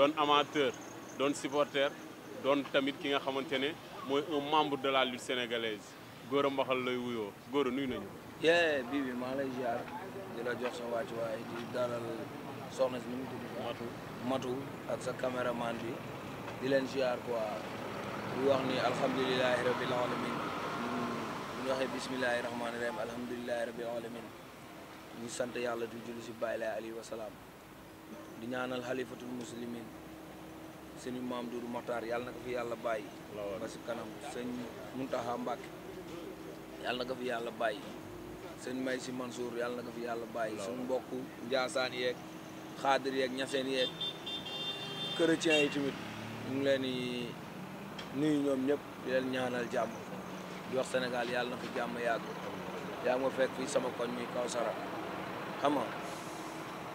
doon amateur doon supporter doon tamit ki nga xamante ne mooy un membre de la lutte sénégalaise Gora Mbaxal lay wuyoo Gora nuyu nañu. yee bii bi maa lay ziar di la jox sa wàccuwaay di dalal soxna si mu matu ak sa caméraman bi di leen ziar quoi di wax ni alhamdulilahi rabil alamin ñu waxee bismillahi rahmaani rahim alhamdulilahi rabil alamin ñu sant yàlla di julli si bàyyi lay alihi wa salaam. di ñaanal xalifatul muslimin suñu maam Dudu Moxtaar yàlla na ko fi yàlla bàyyi ba si kanam sëñ Muntaxa Mbàkke yàlla na ko fi yàlla bàyyi sëñ may si Mansour yàlla na ko fi yàlla bàyyi suñu mbokk njaasaan yeeg xaadir yeeg ñaseen yeeg chrétien yi tamit ñu ngi leen di nuyu ñoom ñëpp di leen ñaanal jàmm di wax Sénégal yàlla na fi jàmm yàgg yaa nga fekk fii sama koñ mi Kawsara xam nga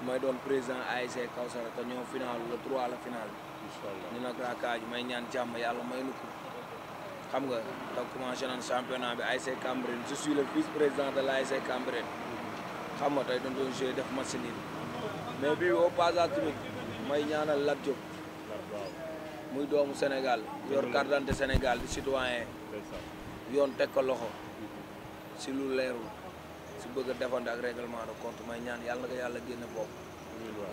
may doon président ASC Kawsara te ñoo final le 3 la final bi ñu nag waa Kaaju may ñaan jàmm yàlla may nu xam nga te commencé naan championnat bi ASC Cambérène je suis le vice président de l'ASC Cambérène xam nga tey dañ doon joué def match nii mais bii au passage tamit may ñaanal Lat Diop muy doomu Sénégal yor carte Sénégal di citoyen yoon teg ko loxo si lu leerul si bëgg a defante ak règlement de compte may ñaan yàlla na ko yàlla génne bopp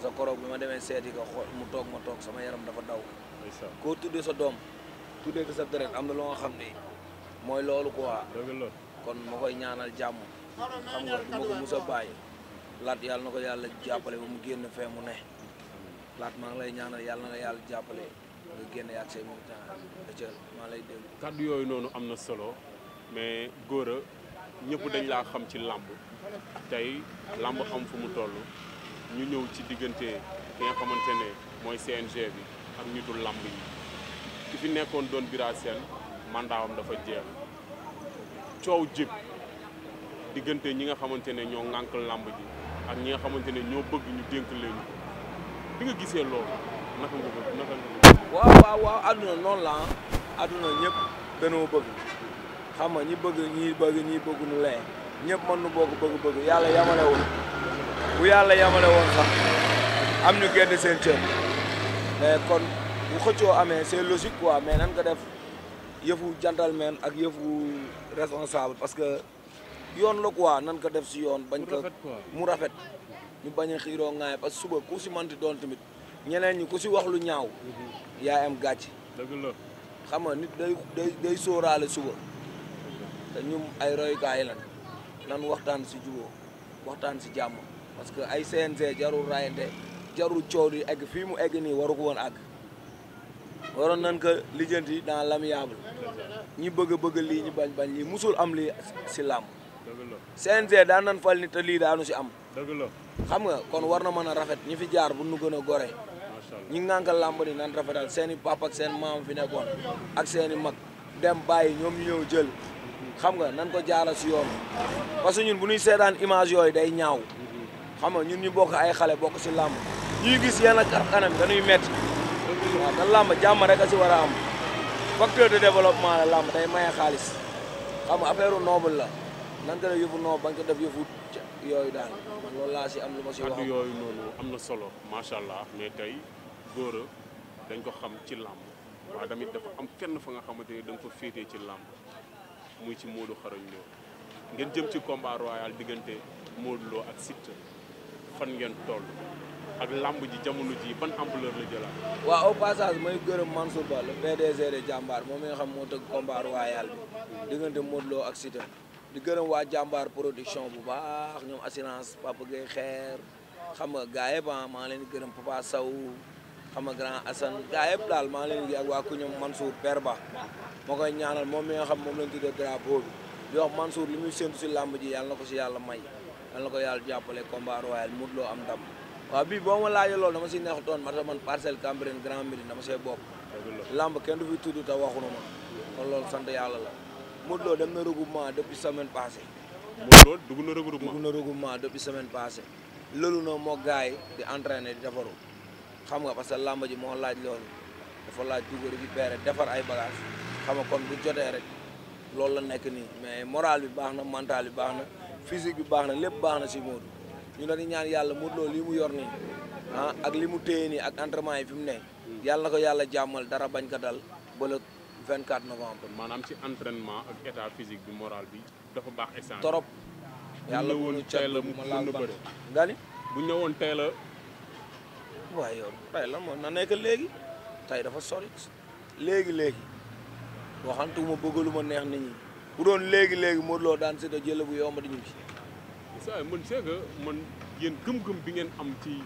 sa koroog bi ma demee seeti ko xool mu toog ma toog sama yaram dafa daw koo tuddee sa doom tuddee ko sa deret am na loo nga xam ne mooy loolu ko quoi kon ma koy ñaanal jàmm xam nga du ma ko mus a bàyyi laat yàlla na ko yàlla jàppale ba mu génn fee mu ne laat maa ngi lay ñaanal yàlla na la yàlla jàppale nga génn yaag say moom temps maa lay déglu kàddu yooyu noonu am na solo mais góor ñépp dañ laa xam ci làmb tey làmb am fu mu toll ñu ñëw ci diggante ki nga xamante ne mooy CNG bi ak ñu dul làmb yi ki fi nekkoon doon Bira Sène mandaawam dafa jeex coow jib diggante ñi nga xamante ne ñoo ŋànk làmb ji ak ñi nga xamante ne ñoo bëgg ñu dénk leen bi nga gisee loolu naka nga ko naka nga ko. waaw waaw waaw àdduna noonu la ah àdduna ñëpp bëgg. xam nga ñi bëgg ñi bëgg ñi bëgguñu lee ñëpp mën nu bokk bëgg-bëgg yàlla yamale woon bu yàlla yamale woon sax am ñu génn seen cër mais kon bu xëccoo amee c'est logique quoi mais nan ko def yëfu gentleman ak yëfu responsable parce que yoon la quoi nan ko def si yoon bañ ko mu rafet ñu bañ a xiiroo ŋaay parce que suba ku si manti doon tamit ñeneen ñi ku si wax lu ñaaw mhm. yaa am gàcc dëgg la xam nga nit day day day sóoraale suba te ñum ay gaay lan nan waxtaan si juboo waxtaan si jamm parce que ay CNG jarul rayende jarul coow ak fi mu egg ni waru ko won àgg waron nan ko lijjanti dans l'amiable ñi bëgg bëgg li ñi bañ bañ li musul am silam, ci danan CNG da nan fal ni te daanu si am xam nga kon warna na rafet ñi fi jaar bu nu gëna goré gore ñi ngankal lamb ni nan rafetal seen papa ak seen mam fi nekkon ak seen mag dem bàyyi ñom ñew jël xam nga nan ko jaara si yoon parce que ñun bu ñuy seetaan image yooyu day ñaaw xam nga ñun ñu bokk ay xale bokk si làmb ñuy gis yenn kar kanam dañuy metti waaw te làmb jàmm rek a si war a am facteur de développement la làmb day maye xaalis xam nga affaire noble la nan ko def yëfu bañ ko def yëfu yooyu daal man loolu laa si am na ma si wax addu yooyu noonu am na solo macha allah mais tey góor dañ ko xam ci làmb waaye tamit dafa am kenn fa nga xam ni da nga ko ci làmb muy ci Modou Xarañ Lo ngeen jëm ci combat royal diggante Modou ak Siteu fan ngeen toll ak làmb ji jamono ji ban ampleur la jëlaat. waaw au passage may gërëm Mansour Ba le PDG de jàmbaar moom mi nga xam moo tëgg combat royal bi diggante Modou Lo ak Siteu di gërëm waa jàmbaar production bu baax ñoom assurance Papa Gueye xeer xam nga gars yi ah, maa ngi leen di gërëm Papa Sow xam nga grand Assane gars yëpp daal maa ngi leen di ak waa ku ñoom Mansour Berba ma koy ñaanal moom mi xam moom lañ tuddee drapeau bi di wax Mansour li muy séntu si làmb ji yàlla na ko si yàlla may yàlla na ko yàlla jàppale combat royal Modou loo am ndam waaw bii boo ma laajee loolu dama si neexutoon ma man parcelle Cambérène Grand Médine dama see bokk làmb kenn du fi tudd te waxunu ma kon loolu sant yàlla la Modou Lo dem na regroupement depuis semaine passée Modou Lo dugg na regroupement dugg na regroupement depuis semaine passée lëlu moo gars yi di entraîné di defaru xam nga parce que làmb ji moo laaj loolu dafa laaj dugg récupérer defar ay bagages xam nga kon bu jotee rek loolu la nekk nii mais moral bi baax na mental bi baax na physique bi baax na lépp baax na si Modou ñu dañuy ñaan yàlla Modou Lo lii mu yor nii ah ak li mu téye nii ak entraînement yi fi mu ne yàlla na ko yàlla jàmmal dara bañ ko dal ba le 24 novembre. maanaam si entrenement ak état physique bi moral bi dafa baax. instant torop yàlla bu ñu cat bu ma laal ban nga waaye la tey na nekk léegi tey dafa sori léegi léegi waxantuma bëggalu ma neex nit ñi bu doon léegi léegi Modou Lo daan Siteu jël bu yomb di ñu ci. saa man c'est que man gëm-gëm bi ngeen am ci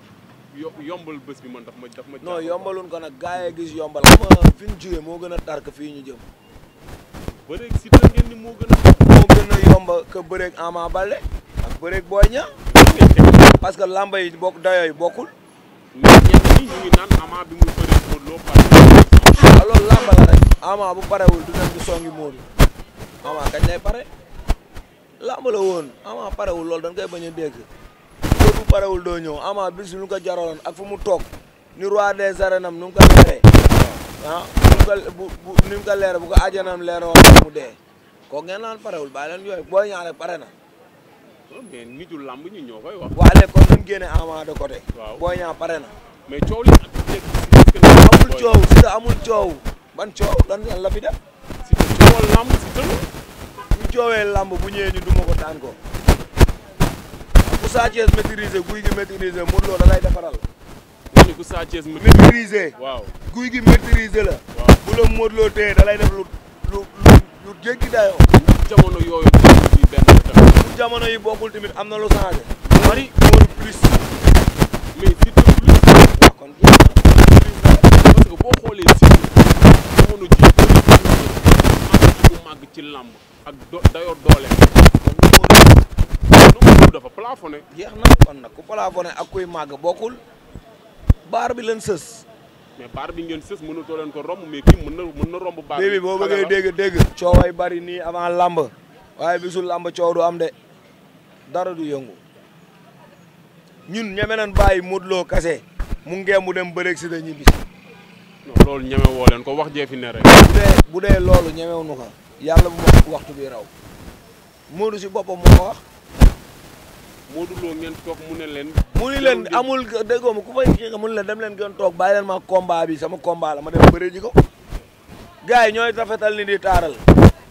yombal bés bi man daf ma daf ma. non yombalun ko nag gars yi gis yombal xam nga fi ñu moo gën a tar fii ñu jëm. bëreeg Siteu ngeen ni moo gën a. moo gën a yomb que bëreeg Ama Baldé ak bëreeg Boy Niang parce que lamba yi bokk dayoo yi bokkul. mais ñenn ñi la rek Ama bu parewul du dem di songi Ama kañ lay pare làmb la woon Ama parewul loolu dañ koy bañ a dégg loolu bu parewul doo Ama bis lu ko jaraloon ak fu mu toog ni roi des arènes nu mu ko leeree bu bu ko leeree ko ajanam leeree woon mu dee kooku ngeen naan parewul bàyyi leen yooyu boo ñaaree pare na. mais nitu làmb ñi ñoo koy wax. waaw léegi génne Ama de côté. waaw Boy Niang pare na. mais coow li amul coow si da coow ban coow lan la fi def. si te coowal làmb si tënk. bu coowee làmb bu ñëwee ñu duma ko daan ko. ku Sa Thiès guy gi maîtriser Modou Lo da lay defaral. wala ku Sa Thiès guy gi maîtriser la. waaw bu la Modou Lo téye da lay def lu lu lu jéggi dayoo. jamono yooyu. jamono yi bokkul tamit am na lu changé. mari mooy plus mais di de plus waaw kon parce que boo xoolee si jamono ji bëri ci làmb ak do doole kon dafa plafonné. jeex na kon nag ku plafonné ak kuy màgg bokkul baar bi leen sës. mais baar bi ngeen a mënatoo leen ko romb mais kii mën na romb baar bi boo bëggee dégg dégg. coow ay bari nii avant làmb waaye bisul làmb coow du am de. dara du yëngu ñun ñeme nañ kase mu mudem mu dem bëreeg si dañuy bis. non loolu ñeme woo leen ko wax jee fi ne rek. budé dee bu dee loolu ñemewuñu ko yàlla bu ma waxtu bi raw modu ci bopam mo wax. ngeen tok mu ne len mu ni len amul degom ku fay xeex mu ne dem len gën tok bàyyi len ma combat bi sama combat la ma dem beure ji ko. gaay ñoy ñooy rafetal ni di taral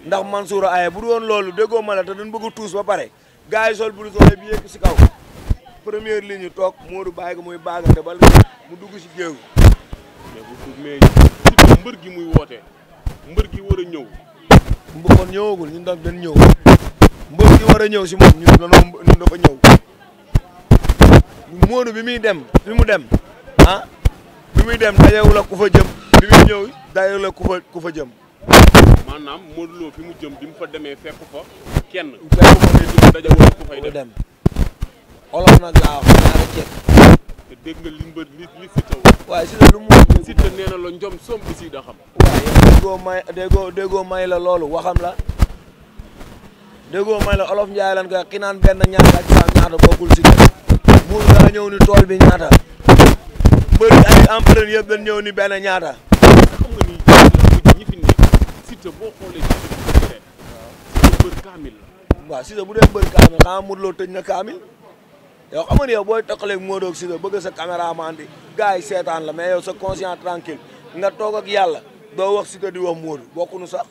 ndax mansoura ay bu loolu ma dañ bëgg tous ba pare gars yi sol blouson bi yéeg si kaw première ligne toog Modou bàyyi ko muy baagante mu dugg si géew mais bu mais surtout mbër gi muy woote mbër gi war a ñëw mbokkoon ñëwagul ñun tam dañ ñëw mbër gi war a ñëw si moom ñun danoo ñun dafa ñëw Modou bi muy dem bi mu dem ah bi muy dem dajewul ak ku fa jëm bi muy ku ku fa jëm maanaam Modou Lo fi mu jëm bi mu fa demee fekk fa kenn. lépp ku fay dugg daja wala ku fay dem. olof nag laa wax ñaari ceeb. te dégg wax. waaye Siteu lu mu wax déggoo may la loolu waxam la déggoo may la olof Njaay lan ka ki naan benn ñaata ak saa ñaata bokkul si kër. muur ngaa ñëw ni tool bi ñaata. mbër yi ay emprunté yëpp dañ ñëw ni benn ñaata. mbër kaamil la waaw Siteu bu dee Ya kaamil xanaa Modou Lo tëj na kaamil boleh xam nga ne yow booy taqaleeg Modou ak Siteu bëgg sa caméraman di gars yi seetaan la mais yow sa conscient tranquille nga toog ak yàlla doo wax Siteu di wax Modou bokkunu sax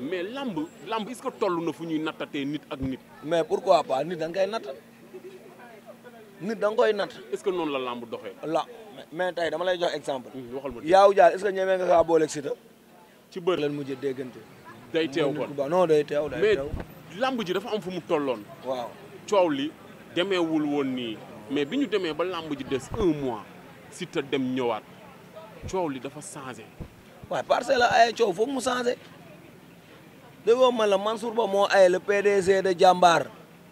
mais lamb lamb est-ce que toll na fu ñuy nattatee nit ak nit mais pourquoi pas nit da nga nat nit da koy natt est-ce que noonu la la mais tey dama lay jox exemple mm, waxal ma yaaw jaar est-ce que ñemee nga kaa booleeg Siteu ci bër lan day teew kon non day teew day teew mais làmb ji dafa am fu mu tolloon. waaw coow li demeewul woon nii mais bi ñu demee ba làmb ji des un mois si te dem ñëwaat coow li dafa changé. waaw parce que ay coow foog mu changé déggoo ma la Mansour Ba moo ay le PDG de jàmbaar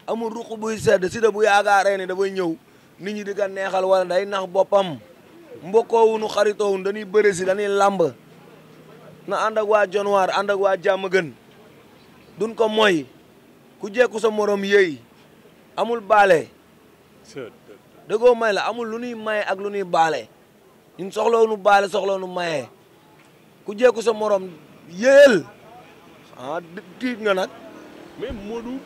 amul ruq buy sedd si da bu yaakaaree ne dafay ñëw nit ñi di ko neexal wala day nax boppam mbokkoo wu nu xaritoo wu dañuy bëre si dañuy làmb. na ànd ak waa Jonwaar ànd ak waa jàmm gën duñ ko moy ku jekku sa moroom yéy amul baale dëggoo may la amul lu nuy maye ak lu nuy baale ñun soxloonu baale soxloonu maye ku jekku sa moroom yéel ah tiit nga nag mais Modou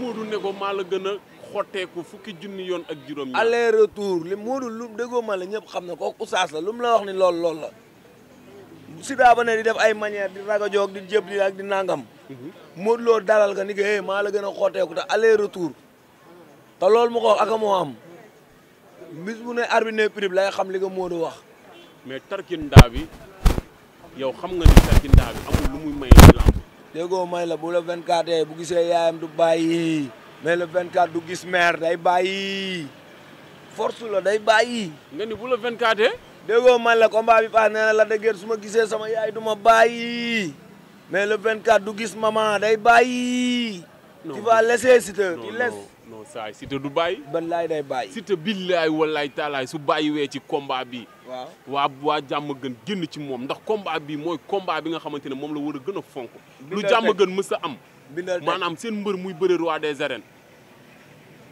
Modou ne ko maa la gën a xotteeku fukki junni yoon ak juróom aller retour li Modou lu dëggoo may la ñëpp xam ne kooku oustaz la lu mu la wax ni lool lool la Siteu ba ne di def ay manière di raga joog di jëb li ak di nangam. Mhm. Modou Lo dalal nga ni ko eh maa la gën a xotteeku te aller retour te loolu mu ko wax ak moo am bis bu ne arbitre ne prib lay xam li moodo Modou wax. mais tarkindaa bi yow xam nga ni tarkindaa bi amul lu muy may ci lamb. déggoo may la bu la 24 bu gisee yaayam du bàyyi mais le 24 du gis mère day bàyyi force la day bàyyi. nga ni bu la 24. déggoo man la combat bi paas nee la la dëgër su ma gisee sama yaay du bàyyi mais le 24 du gis maman day bàyyi. non tu vas laisser Siteu tu laisses. non du bàyyi. ban laay day bàyyi. Siteu billaay wallaay taalaay su bàyyi wee ci combat bi. waaw waa waa jàmm gën génn ci moom ndax combat bi mooy combat bi nga xamante ne moom la war a gën a fonk. lu jàmm gën mës a am. maanaam seen mbër muy bëre roi des arènes.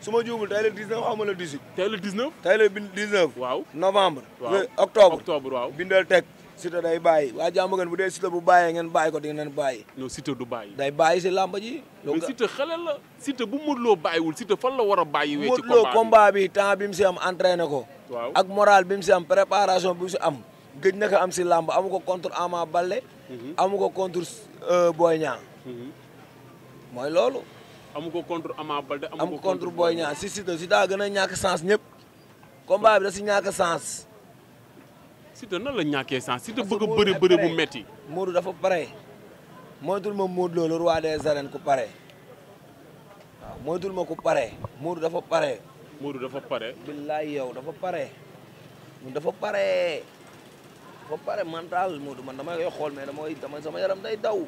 suma jubul tay le 19 xaw ma 18. tay le 19. tay le 19. waaw novembre. waaw octobre octobre waaw. bindal tek Siteu day bàyyi wa jàmm ngeen bu dee Siteu bu bàyyee ngeen bàyyi ko di ngeen bàyyi. no Siteu du bàyyi. day bàyyi ci làmba ji. no Siteu xale la. Siteu bu Modou Lo bàyyiwul Siteu fan la wara a wé ci combat bi Lo combat bi temps bi mu ci am entraîné ko. waaw ak moral bi mu ci am préparation bi mu am. geuj naka am ci làmb amu ko contre Ama balé mhm. amu ko contre euh, Boy Niang. moy mhm. lolu amu ko contre Ama Baldé amu ko contre Boy Niang si Siteu si daa gën a ñàkk sens ñëpp combat bi da si ñàkk sens Siteu nan la ñàkkee sens Siteu bëgg a bëri bu metti Modou dafa pare moytul ma Modou loolu roi des arènes ku pare waaw moytul ma pare Modou dafa pare Modou dafa pare billaay yow dafa pare ñun dafa pare dafa pare mental Modou man dama koy xool mais damay dama sama yaram day daw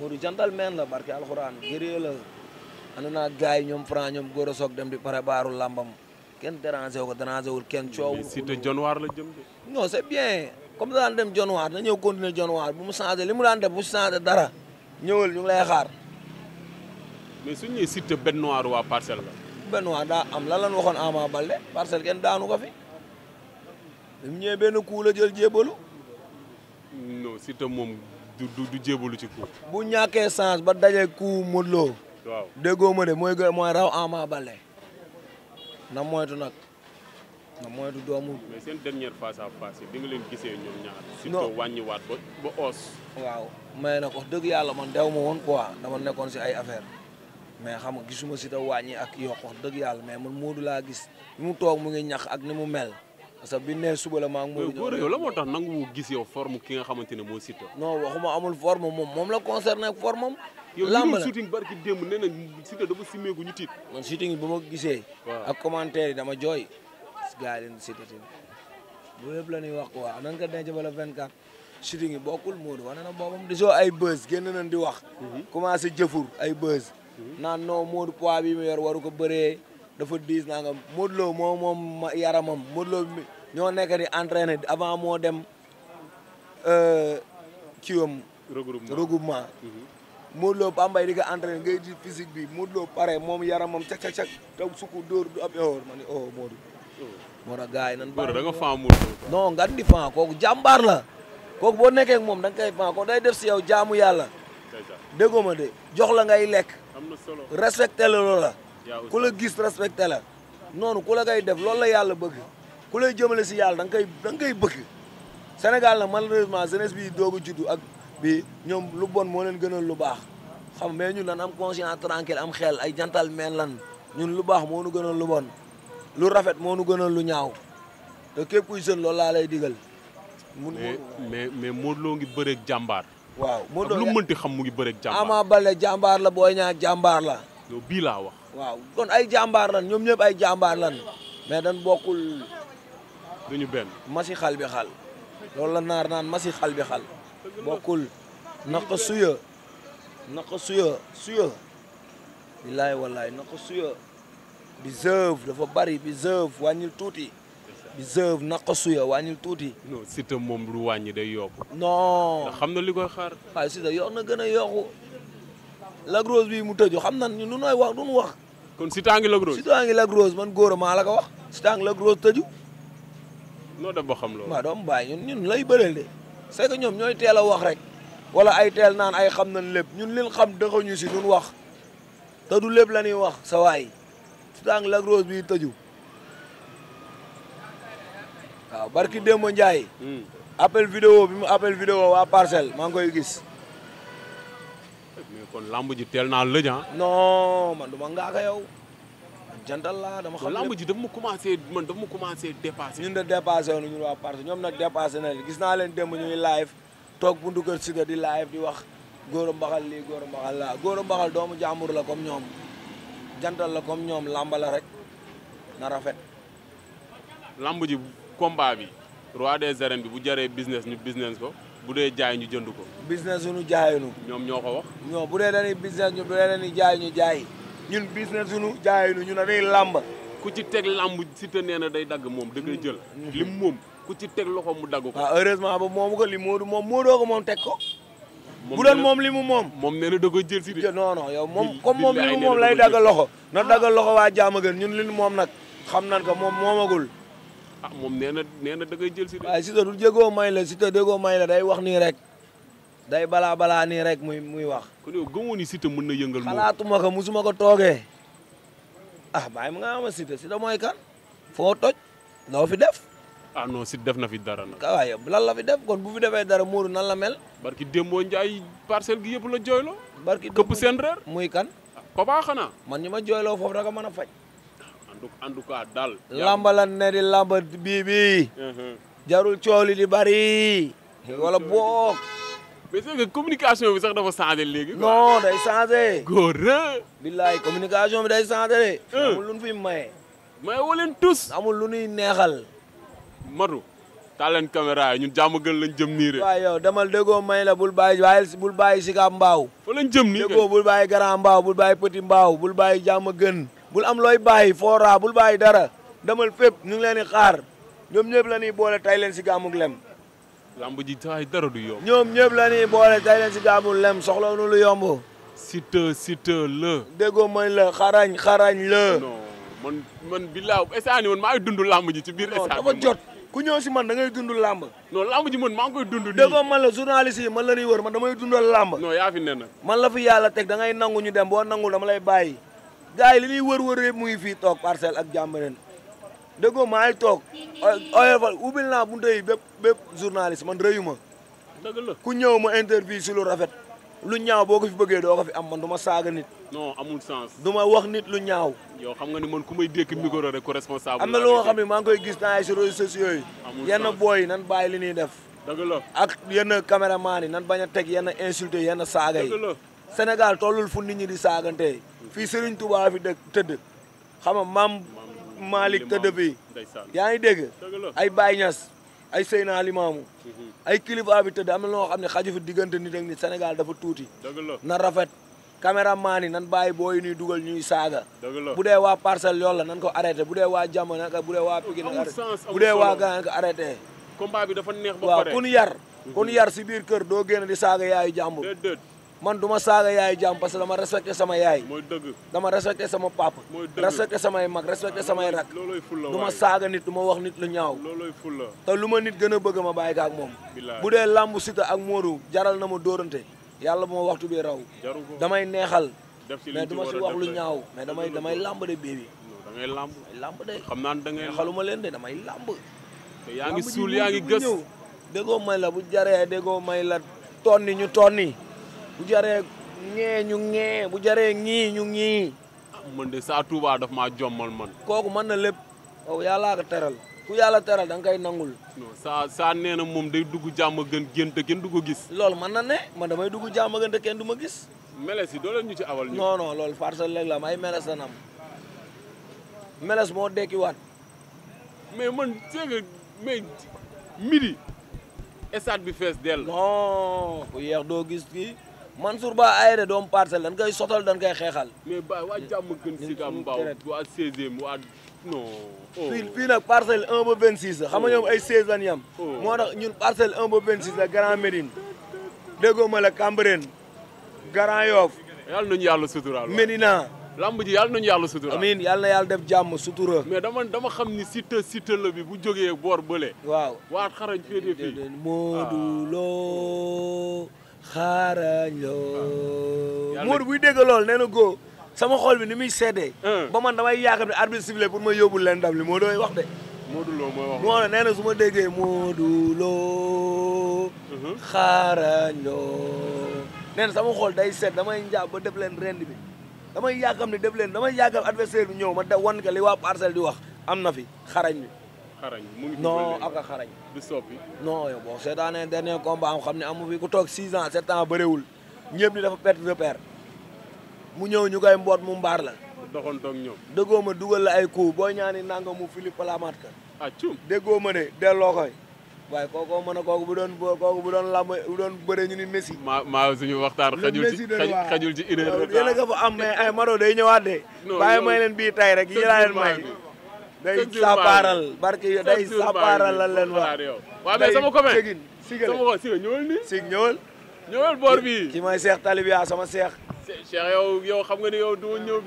Modou gentleman la barke alxuraan gëree la ànd naa gars yi ñoom franc ñoom góor a soog dem di préparer làmbam kenn déranger ko déranger wul kenn coowul. Siteu janvier la jëm de. non c'est bien comme daan dem janvier na ñëw continuer janvier bu mu changé li mu daan def bu changé dara ñëwal ñu ngi lay xaar. mais suñu ñuy Siteu benn noir waa parcelle la. benn noir daa am lan lan waxoon Ama Baldé parcelle kenn daanu ko fi. bi mu ñëwee benn coup la jël du du jébalu ci coup. bu ñàkkee chance ba daje coup Modou Lo. waaw déggoo ma de mooy gën mooy raw Ama Baldé na moytu nag na moytu doomu. mais seen dernière face à bi nga leen gisee ñoom ñaar. non surtout wàññiwaat ba ba oos. waaw mais nag wax dëgg yàlla man dew ma woon quoi dama nekkoon si ay affaire mais xam nga gisuma si a wàññi ak yokk wax dëgg yàlla mais man Modou laa gis ni mu toog mu ngi ñax ak ni mu mel. parce que bi suba la maa ngi. mooy góor la moo tax nangu gis yow mu ki nga xamante ne moo Siteu. non waxuma amul forme moom moom la concerné forme am. lamb la yow ñu shooting barki démb nee na ñu tiit. man shooting bi ma gisee. a commentaire yi dama jooy. gaa yi leen di bu lépp la ñuy wax quoi nan nga denc ba la 24. shooting yi bokkul Modou wane na boobam disoo ay buzz génn nañ di wax. Mhm. commencé jëfur ay buzz. Mhm. na non Modou poids bi mu yor waru ko bëree. dafa diis naa nga Modou Lo moo moom yaramam Modou Lo ñoo nekk di entraîné avant moo dem euh, kiwam regroupement mhm. Modou Lo Bambey di ko entraîné ngay di physique bi Modou Lo pare moom yaramam cak cak cak taw suku dóor du ab yowoor oh, ma ni oh Modou oh. moo tax gars yi nan ba da nga fan Modou Lo non nga di fan kooku jàmbaar la kooku boo nekkee ak moom da nga koy fan kooku day def si yow jaamu yàlla déggoo ma de jox la ngay lekk respecté la loola ku la gis respecté la noonu ku la koy def loolu la yàlla bëgg ku lay jëmale si yàlla da nga koy da nga koy bëgg Sénégal nag malheureusement jeunesse bi doo a juddu ak bi ñoom lu bon moo leen gënal lu baax xam mais ñun lan am conscience tranquille am xel ay jantal me lan ñun lu baax moo nu gënal lu lu rafet moo nu gënal lu ñaaw te képp kuy jeune loolu lay digal. mun mais mais Modou Lo ngi bëreeg jàmbaar. waaw Modou lu mënti xam mu ngi bëreeg jàmbaar. Ama Baldé jàmbaar la boo Niang jàmbaar la. waaw kon ay jàmbaar lan ñoom ñëpp ay jàmbaar lan mais dañ bokkul. ñu benn masi xal bi xal. loolu la naar naan masi xal bi xal. bokkul naka suya naka suya suya. billaay wallaay naka suya. bi zëf dafa bari bi zëf wàññil tuuti. bi zëf naka suya wàññil tuuti. non Siteu moom lu wàññi day yokku. non xam na li koy xaar. waaye Siteu yor na gën a yokku. Lac Rose bii mu tëju xam nan ñu nu ay wax duñu wax. kon Siteu a ngi Rose ngi Lac Rose man góor maa la ko wax Siteu a ngi Lac Rose tëju. noo def xam loolu. waaw baay ñun lay bëreel de c'est que ñoom ñooy teel a wax rek wala ay teel naan ay xam nañ lépp ñun liñ xam dëxuñu si duñ wax te du lépp la ñuy wax sa waay Siteu a ngi Lac Rose bii tëju waaw barki Demba Ndiaye. Hmm. appel vidéo bi mu appel vidéo waa parcelle maa ngi koy gis. kon lamb ji teel naa lëj ah. non man du ma ngaaka yow. jantal laa dama xam lamb ji daf ma commencé man daf ma commencé dépassé. ñun de dépassé woon ñun waa parti ñoom nag dépassé na gis naa leen démb ñuy live toog buntu kër Siga di live di wax góor mbaxal lii góor mbaxal laa góor mbaxal doomu jàmbur la comme ñoom jantal la comme ñoom lamba la rek na rafet. lamb ji combat bi roi des arènes bi bu jaree business ñu business ko. bu dee jaay ñu jënd ko. business suñu jaayuñu. ñoom ñoo ko wax. ñoo bu dee dañuy business ñu bu dee dañuy jaay ñu jaay ñun business suñu jaayuñu ñu ne day làmb. ku ci teg làmb Siteu nee na day dagg moom da koy jël. Mm-hmm. lim moom ku ci teg loxo mu dagg ko. waaw ah, heureusement ba moomu ko li Modou moom Modou ko moom teg ko. bu doon moom li mu moom. moom nee na da koy jël si de. non non yow moom comme moom li mu moom lay dagg loxo. na ah. dagg loxo waa jaama gën ñun li mu moom nag xam nan ko moom moomagul. ah moom nee na nee na da ngay jël si de. waaye Siteu du may la Siteu déggoo may la day wax nii rek day bala balaa nii rek muy muy wax. kon yow gëmoo ni Siteu mën na yëngal. moom xalaatuma ko musuma ko toogee ah bàyyi mu nga xam ne Siteu Siteu mooy kan foo toj loo fi def. ah non Siteu def na fi dara nag. ah lan la fi def kon bu fi defee dara Mourou nan la mel. barki Demba Ndiaye parcel gi yëpp la jooyloo. barki këpp seen reer muy kan. ah Papa xanaa. man ñi ma jooyloo da nga mën a donc en tout cas daal. lamba lan ne di lamba bii bii. Mhm. jarul coow li di bari. wala boog. mais c'est que communication bi sax dafa changé léegi. non day changé. góor la. billaay communication bi day changé de. amul lu ñu fiy maye. maye woo leen tous. amul lu ñuy neexal. matu. taal leen caméra yi ñun jàmm gën lañ jëm nii rek. waaw yow demal déggoo may la bul bàyyi waaye bul bàyyi Sika Mbaaw. fa lañ jëm nii déggoo bul bàyyi Grand Mbaaw bul bàyyi Petit Mbaaw bul bàyyi jàmm gën. bul am bay fora bul bay dara demal fep ñu ngi leni xaar ñom ñepp lañi boole tay leen si gamu lem. lamb ji tay dara du yom ñom ñepp lañi boole tay leen si gamu lem soxlo nu lu yomb. site site le dego man la xaragne xaragne le non man man billaaw essani man maa ngi dund lamb ji ci bir essani dama jot ku ñëw ci man da ngay dund lamb. non lamb ji man ma ngoy koy dego man la journaliste man la ñuy wër man damay lamb. non ya fi man la fi yalla tek da ngay nangu ñu dem bo nangul dama lay bàyyi. gars yi li ñuy wër-wër yëpp mu ngi fii toog parcelle ak jàmbareen déggoo maa ngi toog oyofal ubbil naa bunte yi bépp bépp journaliste man rëyu ma ku ñëw ma interview si lu rafet lu ñaaw boo ko fi bëggee doo ko fi am man du ma saaga nit non amul du ma wax nit lu ñaaw yow xam nga ni man ku ma dékk micro rek ko responsable am na lu nga xam ne maa ngi koy gis naa si réseaux sociaux yi yenn booy nan bàyyi li ñuy def dëgg la ak yenn caméraman yi nan bañ a teg yenn insulté yenn saaga yi Sénégal tollul fu nit ñi di saagante fii Serigne Touba fi dëkk tëdd xam nga maam Malick tëdd bi yaa ngi dégg ay Baye Niass ay naa Limaamu mhm. ay kilifa bi tëdd am na loo xam ne xaju fi diggante nit ak nit Sénégal dafa tuuti na rafet caméraman yi nan bàyyi booy ñuy dugal ñuy saaga bu dee waa parcelle yoon la nan ko arrêté bu dee waa jàmm naka bu dee waa Pikine bu dee waa Gaa naka arrêté combat bi dafa neex ba pare waaw kun yar mhm. kun si biir kër doo génn di saaga yaayu jàmbur man du ma saaga yaay jaam parce que dama respecté sama yaay. mooy dëgg dama respecté sama papa. mooy samay mag respecté samay rak. looloy ful la ma saaga nit du ma wax nit lu ñaaw. looloy ful te lu ma nit gën a bëgg ma bàyyi ko ak moom. bu dee làmb Siteu ak Modou jaral na ma doorante yàlla bu ma waxtu bi raw. damay neexal. mais du ma si wax lu ñaaw mais damay damay làmb de bii da ngay làmb de. xam naa ne da ngay leen de damay làmb. te yaa ngi suul yaa ngi gës déggoo may la bu jaree déggoo may la tonni ñu tonni bu jaree ñu ñee bu jaree ñii ñu ñii. Ah, man de saa Touba daf ma jommal man. kooku mën na lépp. waaw yàllaa ko teral ku yàlla teral da nga koy nangul. non saa saa nee na moom day dugg jàmm gën gént kenn du ko gis. loolu mën na ne man damay dugg jàmm gën kenn du ma gis. meles yi doo leen ñu ci awal ñu. non non loolu farcelle léegi la am ay meles la am meles moo dekkiwaat. mais man c'est mais midi. stade bi fees del non ku yeex doo gis fii. Mansour Ba ay de doomu parcelle dañ koy sotal dañ kay xeexal. mais Ba waa jàmm gën si ka mbaaw waa 16e waa non. Oh. fii fii ba 26 la xam nga ñoom ay 16 lañ yam. Oh. moo tax ñun parcelle 1 ba 26 la Grand Médine déggoo ma la Cambérène Grand Yoff. yàlla nañu yàlla suturaal Médina. lamb ji yàlla nañu yàlla sutura amiin yàlla na yàlla def jàmm sutura mais dama dama xam ni Siteu Siteu la bi bu jógee boor bële waaw waat xarañ féete fii Modou Lo ah. xaarañ loo. Modou buy dégg lool nee na góo sama xol bi ni muy seddee. ba man damay yaakaar ne arbitre sifflé pour ma yóbbul leen ndam li moo doy wax de. Modou Lo moo nee na su ma déggee Modou Lo. Mhm. xaarañ loo. nee na sama xol day sedd damay njaab def leen rend bi damay yaakaar ne def leen damay yaakaar adversaire bi ñëw ma da wan ka li waa parcelle di wax am na fi xarañ bi. xarañ mu a xarañ. no soppi. non yow boo seetaanee dernier combat am xam ne amu fi ku toog 6 ans 7 ans bëriwul ñëpp ni dafa perte repère mu ñëw ñu koy mboot mu mbaar la. doxantoog ñoom. déggoo ma dugal ay coups boo ñaani nanga mu Philippe Lamat ka. ah ma ne delloo koy. waaye kooku ko a kooku bu doon kooku bu doon làmb bu doon bëre ñu ni Messi. maa waxtaan xajul ci xajul ci une heure. yéen a am mais ay Maro day ñëwaat de. bàyyi may leen bii tay rek yi may. day saapaaral barke yo day saapaaral la leen wax. waaw mais sama copain day sigil sama si sig ñëwal. ñëwal boor bi ki may seex tali bi ah, sama seex. Cheikh yow yow xam nga ni yow du ñëw